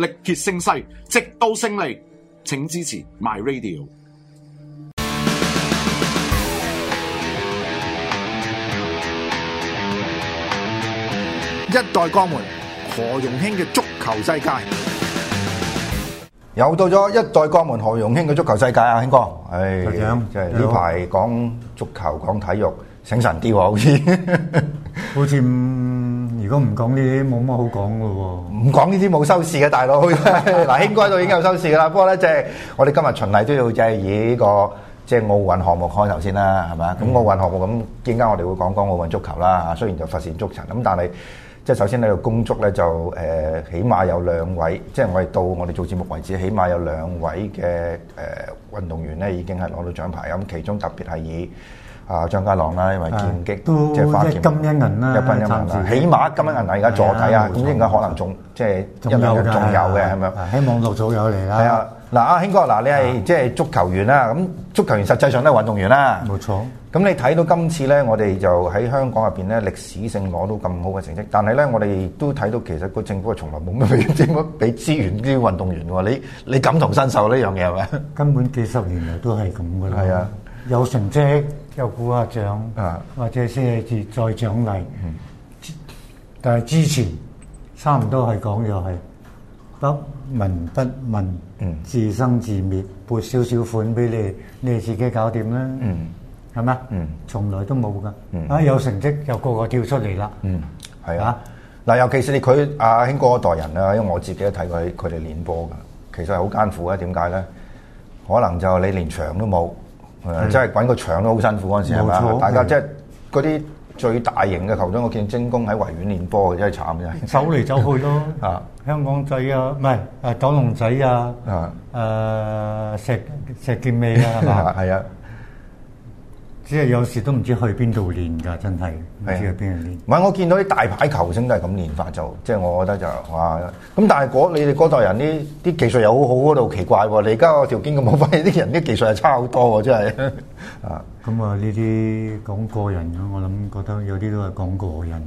力竭聲嘶，直到勝利。請支持 My Radio。一代鋼門何容興嘅足球世界，又到咗一代鋼門何容興嘅足球世界啊，興哥。係。就係呢排講足球、講體育，醒神啲喎，好似，好似。如果唔講呢啲，冇乜好講噶喎。唔講呢啲冇收視嘅，大佬。嗱，興哥都已經有收視噶啦。 不過咧，即係我哋今日循例都要以呢個即係奧運項目開頭先啦，係咪？咁奧運項目咁，依家我哋會講講奧運足球啦。雖然就發展足球，咁但係即係首先呢度公足咧，就誒起碼有兩位，即係我哋到我哋做節目為止，起碼有兩位嘅誒運動員咧，已經係攞到獎牌。咁其中特別係以。啊，張家朗啦，因為劍擊即係花劍，一金一銀啦，一金一銀啦，起碼一金一銀啊！而家坐底啊，咁而家可能仲即係一兩日仲有嘅，係咪啊？希望陸續有嚟啦。係啊，嗱啊，興哥，嗱你係即係足球員啦，咁足球員實際上都係運動員啦。冇錯。咁你睇到今次咧，我哋就喺香港入邊咧，歷史性攞到咁好嘅成績。但係咧，我哋都睇到其實個政府係從來冇乜俾政府俾資源啲運動員㗎喎。你你感同身受呢樣嘢係咪？根本幾十年嚟都係咁㗎啦。係啊，有成績。又鼓下掌，或者先至再獎勵。但係之前差唔多係講就係不聞不問，自生自滅，撥少少款俾你，你哋自己搞掂啦。係咪？從來都冇㗎。啊，有成績又個個跳出嚟啦。係啊，嗱，尤其是你佢阿興哥嗰一代人啦，因為我自己都睇過佢佢哋練波㗎，其實係好艱苦嘅。點解咧？可能就你連場都冇。誒， 嗯、真係搵個場都好辛苦，嗰陣時大家，即係嗰啲最大型嘅球隊，我見精工喺維園練波嘅，真係慘啫，走嚟走去咯， 啊，香港仔啊，唔係，誒，九龍仔啊，誒、呃，石石硤尾啊，係 啊。即係有時都唔知去邊度練㗎，真係唔知去邊度練。唔係、啊、我見到啲大牌球星都係咁練法做，即係我覺得就哇！咁但係嗰你哋嗰代人呢啲技術又好好，嗰度奇怪喎、哦！你而家個條件咁好，反而啲人啲技術又差好多喎！真係啊！咁啊，呢啲講個人咯，我諗覺得有啲都係講個人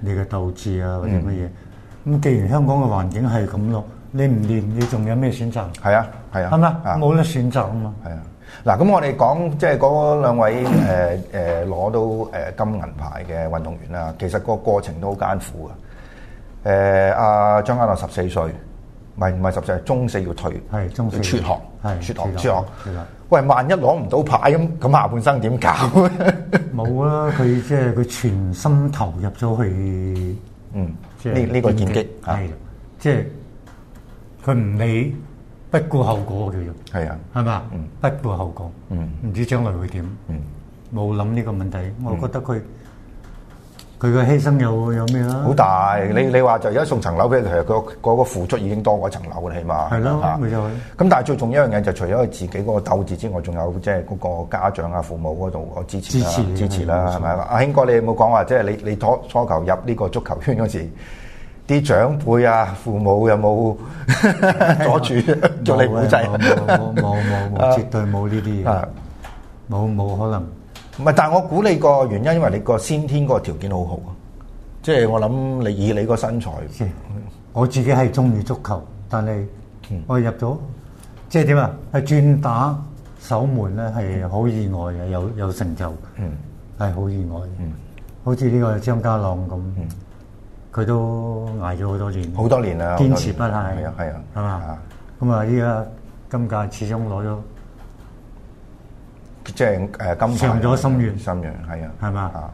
你嘅鬥志啊，或者乜嘢。咁、嗯、既然香港嘅環境係咁咯，你唔練你仲有咩選擇？係啊，係啊，係嘛、啊，冇、啊、得選擇啊嘛。係啊。嗱，咁我哋講即係嗰兩位誒誒攞到誒金銀牌嘅運動員啦，其實個過程都好艱苦噶。誒，阿張家朗十四歲，唔係唔係十四，係中四要退係，中四輟學，輟學之後，喂，萬一攞唔到牌咁，咁下半生點搞？冇啦，佢即係佢全心投入咗去，嗯，即係呢個劍擊，係，即係佢唔理。不顧後果嘅嘢，係啊、yes, right?，係嘛，不顧後果，唔知將來會點，冇諗呢個問題，我覺得佢佢嘅犧牲又有咩啦？好大，你你話就而家送層樓俾佢，其實個付出已經多過層樓啦起碼，係咯，咁但係最重要樣嘢就除咗佢自己嗰個鬥志之外，仲有即係嗰個家長啊、父母嗰度嘅支持啊、支持啦，係咪阿興哥，你有冇講話即係你你初初球入呢個足球圈嗰時？啲長輩啊，父母有冇阻住做你輔助？冇冇冇冇，絕對冇呢啲嘢。冇冇可能？唔係，但係我估你個原因，因為你個先天個條件好好啊。即係我諗你以你個身材，我自己係中意足球，但係我入咗，即係點啊？係轉打守門咧，係好意外嘅，有有成就，係好意外。好似呢個張家朗咁。佢都捱咗好多年，好多年啦，堅持不懈，係啊，係啊，係嘛，咁啊，依家金價始終攞咗，即係誒金牌，實現咗心願，心願，係啊，係嘛，啊，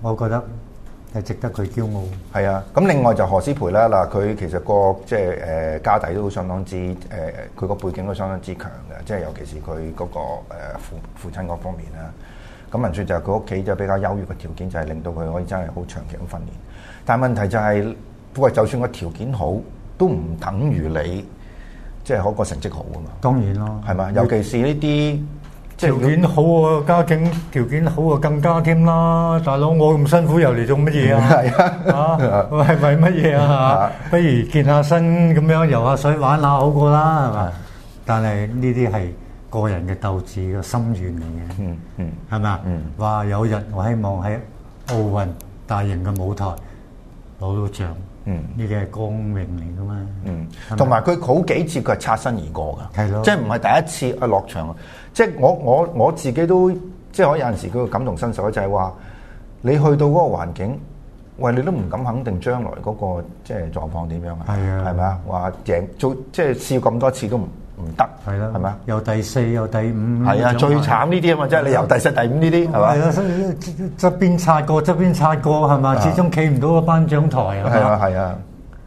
我覺得係值得佢驕傲。係啊，咁另外就何詩蓓啦，嗱，佢其實個即係誒家底都相當之誒，佢個背景都相當之強嘅，即係尤其是佢嗰個父父親嗰方面啦。咁言之就係佢屋企就比較優越嘅條件，就係、係、令到佢可以真係好長期咁訓練。但問題就係，喂，就算個條件好，都唔等於你即係嗰個成績好啊嘛。當然咯，係嘛？尤其是呢啲條,條件好啊，家境條件好啊，更加添啦。大佬我咁辛苦又嚟做乜嘢啊？係 啊，係係啊，係咪乜嘢啊？不如健下身咁樣，游下水玩下好過啦，係嘛？ 但係呢啲係。個人嘅鬥志嘅心願嚟嘅，嗯嗯、mm，係咪啊？嗯、mm，話、hmm. 有日我希望喺奧運大型嘅舞台攞到獎，嗯，呢啲係光榮嚟噶嘛，嗯、mm，同埋佢好幾次佢係擦身而過噶，係咯的，即係唔係第一次啊落場啊，即係我我我自己都即係我有陣時佢會感同身受就係話你去到嗰個環境，喂，你都唔敢肯定將來嗰個即係狀況點樣啊？係啊，係咪啊？話贏做即係試咁多次都唔～唔得，係啦，係嘛？又第四，又第五，係啊，最慘呢啲啊嘛，即係你由第四、第五呢啲係嘛？係啊，側邊擦過，側邊擦過，係嘛？始終企唔到個頒獎台啊！係啊，係啊，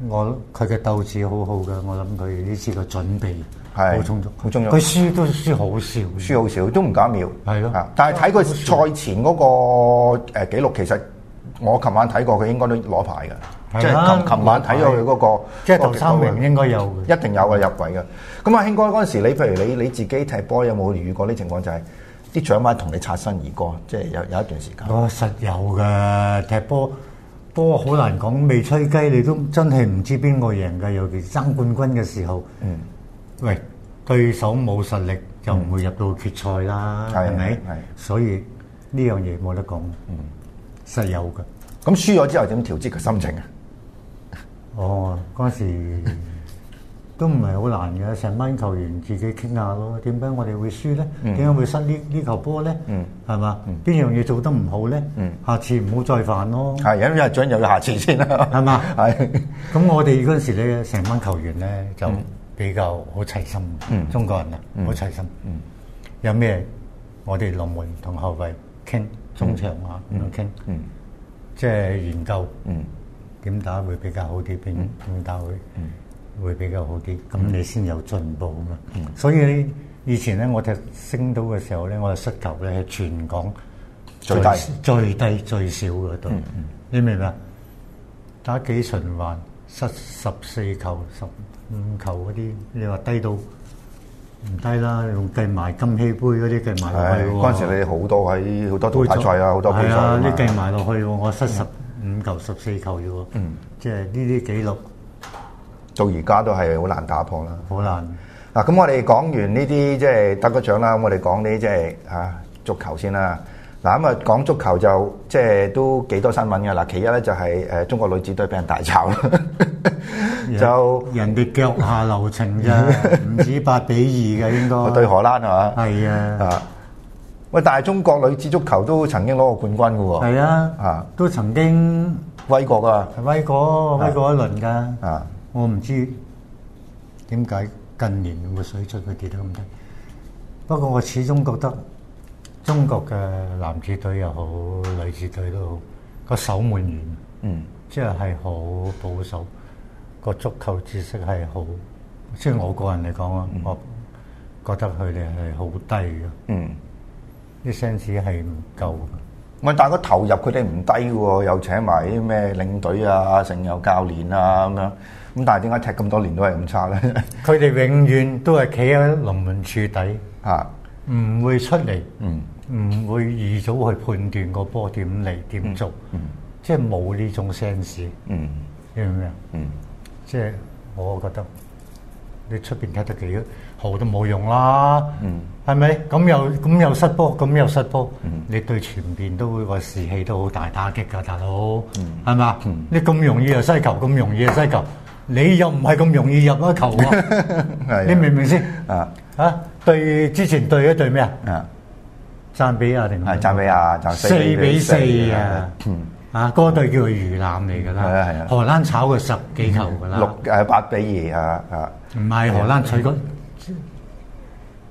我佢嘅鬥志好好嘅，我諗佢呢次嘅準備係好充足、好重要。佢輸都輸好少，輸好少，都唔夠一秒。係咯，但係睇佢賽前嗰個誒記錄，其實我琴晚睇過，佢應該都攞牌㗎。係啦！琴晚睇咗佢嗰個，即係頭三名應該有，嘅，一定有嘅入圍嘅。咁啊，興哥嗰陣時，你譬如你你自己踢波有冇遇過啲情況，就係啲獎牌同你擦身而過，即係有有一段時間。哦，實有嘅。踢波，波好難講，未吹雞你都真係唔知邊個贏嘅，尤其爭冠軍嘅時候。嗯。喂，對手冇實力就唔會入到決賽啦，係咪？係。所以呢樣嘢冇得講。嗯，實有嘅。咁輸咗之後點調節個心情啊？哦，嗰陣時都唔係好難嘅，成班球員自己傾下咯。點解我哋會輸咧？點解會失呢呢球波咧？嗯，係嘛？嗯，邊樣嘢做得唔好咧？嗯，下次唔好再犯咯。係，有日長又要下次先啦。係嘛？係。咁我哋嗰陣時咧，成班球員咧就比較好齊心。中國人啊，好齊心。嗯，有咩我哋龍門同後衞傾，中場啊咁樣傾。嗯，即係研究。嗯。點打會比較好啲？點點打會會比較好啲？咁你先有進步嘛？所以你以前咧，我踢升到嘅時候咧，我就失球咧係全港最低、最低、最少嗰度。你明唔明？打幾循環失十四球、十五球嗰啲，你話低到唔低啦？用計埋金禧杯嗰啲計埋落去喎。嗰陣時你好多喺好多淘汰賽啊，好多比賽啊嘛。你計埋落去喎，我失十五球十四球咋，嗯，即係呢啲記錄到而家都係好難打破啦，好難。嗱、啊，咁我哋講完呢啲即係得個獎啦，咁我哋講啲即係啊足球先啦。嗱、啊，咁啊講足球就即係都幾多新聞嘅嗱，其一咧就係、是、誒、啊、中國女子隊俾人大炒，人 就人哋腳下留情咋，唔 止八比二嘅應該對荷蘭啊嘛，係啊。的的喂，但中國女子足球都曾經攞過冠軍嘅喎。係啊，啊都曾經威過啊，威過威過一輪㗎。啊，我唔知點解近年個水準佢跌得咁低。 不過我始終覺得中國嘅男子隊又好，女子隊都好，個守門員嗯，即係係好保守，個、嗯、足球知識係好。即係我個人嚟講啊，我覺得佢哋係好低嘅。嗯。啲 sense 係唔夠嘅。我話但係個投入佢哋唔低嘅喎，又請埋啲咩領隊啊、成又教練啊咁樣。咁但係點解踢咁多年都係咁差咧？佢哋永遠都係企喺龍門處底嚇，唔會出嚟，唔會預早去判斷個波點嚟點做，即係冇呢種 sense。你明唔明啊？即係我覺得你出邊睇得幾多？好都冇用啦，係咪？咁又咁又失波，咁又失波，你對前邊都會個士氣都好大打擊噶，大佬，係嘛？你咁容易又失球，咁容易又失球，你又唔係咁容易入一球，你明唔明先？啊，嚇！對之前對一對咩啊？啊，贊比亞定係贊比亞，四比四啊！啊，嗰隊叫做魚腩嚟噶啦，荷蘭炒過十幾球噶啦，六誒八比二啊啊！唔係荷蘭取過。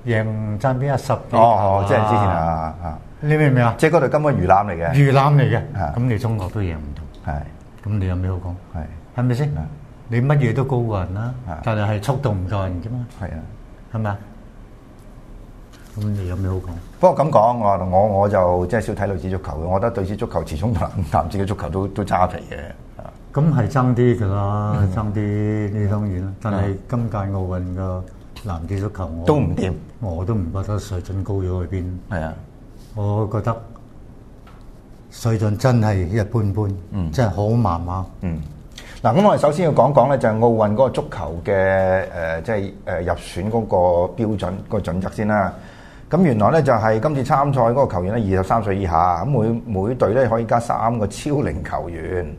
贏爭邊啊十哦、哦，即係之前啊啊！你明唔明啊？即係嗰度根本係魚腩嚟嘅，魚腩嚟嘅，咁你中國都贏唔到，係咁你有咩好講？係係咪先？你乜嘢都高過人啦，但係係速度唔夠人噶嘛？係啊，係咪啊？咁你有咩好講？不過咁講，我我我就即係少睇女子足球嘅，我覺得女子足球始終同男子嘅足球都都差皮嘅。咁係爭啲噶啦，爭啲呢？當然啦，但係今屆奧運嘅。男子足球我都唔掂，我都唔覺得水準高咗去邊。係啊的，我覺得水準真係一般般，嗯，真係好麻麻。嗯，嗱、嗯，咁我哋首先要講講咧，就係奧運嗰個足球嘅誒，即係誒入選嗰個標準嗰、嗰個準則先啦。咁原來咧就係今次參賽嗰個球員咧，二十三歲以下，咁每每隊咧可以加三個超齡球員。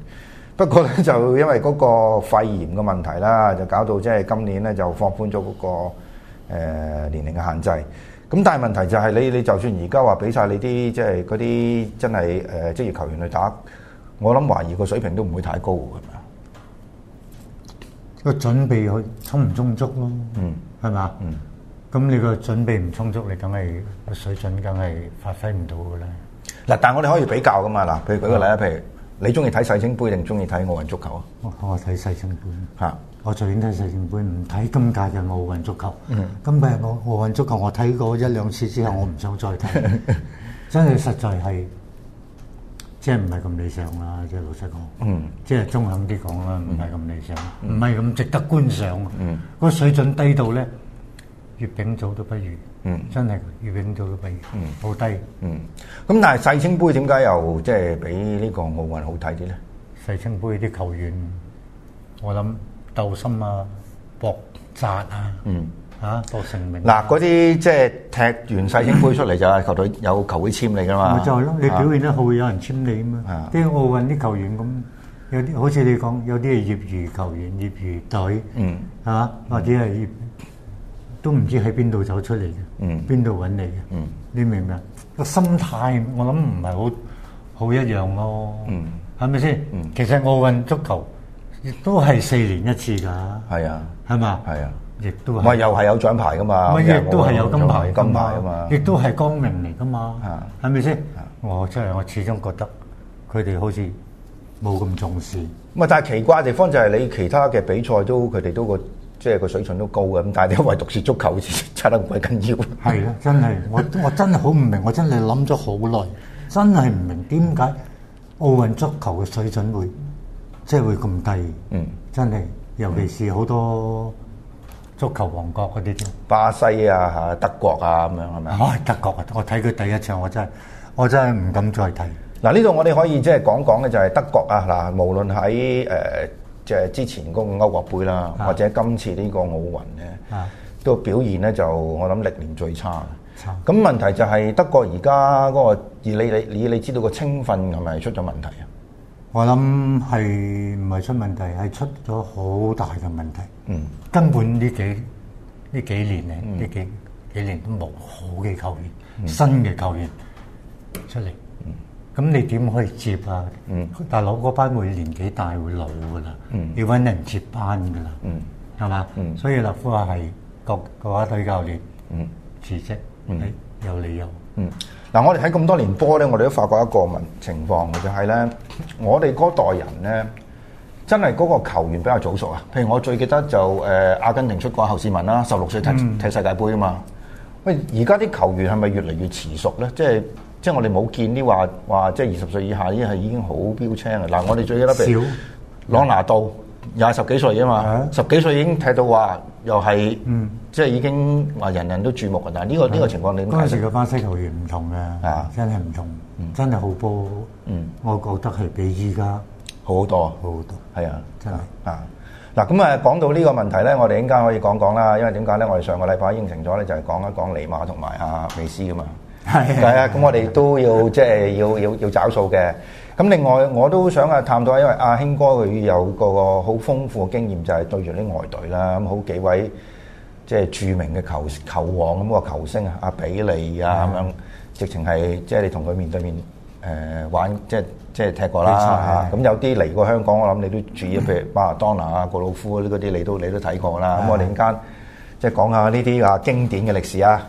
不過咧就因為嗰個肺炎嘅問題啦，就搞到即係今年咧就放寬咗嗰個誒年齡嘅限制。咁但係問題就係你你就算而家話俾晒你啲即係嗰啲真係誒職業球員去打，我諗懷疑個水平都唔會太高嘅。個準備去充唔充足咯？嗯，係嘛？嗯，咁你個準備唔充足，你梗係個水準梗係發揮唔到嘅啦。嗱，但係我哋可以比較噶嘛？嗱，譬如舉個例，譬如。你中意睇世青杯定中意睇奧運足球啊？我睇世青杯。嚇！我最中意睇世青杯，唔睇今屆嘅奧運足球。嗯。今屆嘅奧奧運足球，我睇過一兩次之後，是我唔想再睇。嗯、真係實在係，即係唔係咁理想啦。即係老實講。嗯。即係中肯啲講啦，唔係咁理想，唔係咁值得觀賞。嗯。嗯，個水準低到咧。乙丙組都不如，嗯，真係乙丙組都不如，嗯，好低，嗯。咁但係世青杯點解又即係比呢個奧運好睇啲咧？世青杯啲球員，我諗鬥心啊，搏扎啊，嗯，啊，搏成名。嗱、啊，嗰啲即係踢完世青杯出嚟就係球隊有球會簽你㗎嘛？咪 就係咯，你表現得好會有人簽你啊嘛？啲奧運啲球員咁有啲，好似你講有啲係業餘球員、業餘隊、啊啊，嗯，係、嗯、嘛、嗯，或者係都唔知喺邊度走出嚟嘅，邊度揾你嘅？你明唔明啊？個心態我諗唔係好好一樣咯，係咪先？其實奧運足球亦都係四年一次㗎，係啊，係嘛？係啊，亦都係。咪又係有獎牌㗎嘛？亦都係有金牌，金牌啊嘛！亦都係光明嚟㗎嘛？係咪先？我真係我始終覺得佢哋好似冇咁重視。咪但係奇怪嘅地方就係你其他嘅比賽都佢哋都個。即係個水準都高嘅，咁但係唯獨係足球，真係咁鬼緊要。係咯，真係，我我真係好唔明，我真係諗咗好耐，真係唔明點解奧運足球嘅水準會即係會咁低。嗯，真係，尤其是好多足球王國嗰啲，巴西啊、嚇德國啊咁樣係咪啊？德國啊，我睇佢第一場，我真係我真係唔敢再睇。嗱，呢度我哋可以即係講講嘅就係德國啊。嗱，無論喺誒。即係之前嗰個歐國杯啦，或者今次呢個奧運咧，都表現咧就我諗歷年最差。咁問題就係德國而家嗰個，你你你你知道個青訓係咪出咗問題啊？我諗係唔係出問題，係出咗好大嘅問題。嗯，根本呢幾呢幾年咧，呢、嗯、幾幾年都冇好嘅球員，嗯、新嘅球員。嗯、出嚟。咁你點可以接啊？嗯，大佬嗰班會年紀大，會老㗎喇，嗯，要搵人接班㗎喇，嗯，係嘛？嗯，所以立夫話係各個體教練，嗯，辭職，嗯，有理由，嗯。嗱，我哋喺咁多年波咧，我哋都發覺一個問情況嘅，就係咧，我哋嗰代人咧，真係嗰個球員比較早熟啊。譬如我最記得就誒、呃、阿根廷出過侯斯文啦，十六歲踢踢世界杯啊嘛。喂、嗯，而家啲球員係咪越嚟越遲熟咧？即係。即即係我哋冇見啲話話，即係二十歲以下已經係已經好標青嘅。嗱，我哋最記得譬如朗拿度廿十幾歲啊嘛，十幾歲已經睇到話又係，即係已經話人人都注目嘅。但係呢個呢個情況點睇？當時嘅巴西球員唔同嘅，啊，真係唔同，真係好波。嗯，我覺得係比依家好多，好多。係啊，真係啊。嗱咁啊，講到呢個問題咧，我哋應該可以講講啦。因為點解咧？我哋上個禮拜應承咗咧，就係講一講尼馬同埋啊，美斯啊嘛。係，啊！咁我哋都要即係要要要找數嘅。咁另外，我都想啊探討下，因為阿、啊、興哥佢有個好豐富嘅經驗，就係、是、對住啲外隊啦。咁好幾位即係著名嘅球球王咁個球星啊，阿比利啊咁樣，直情係即係你同佢面對面誒、呃、玩，即係即係踢過啦。咁有啲嚟過香港，我諗你都注意，譬如巴拿多納啊、格魯夫嗰啲你都你都睇過啦。咁我哋陣間即係講下呢啲啊經典嘅歷史啊。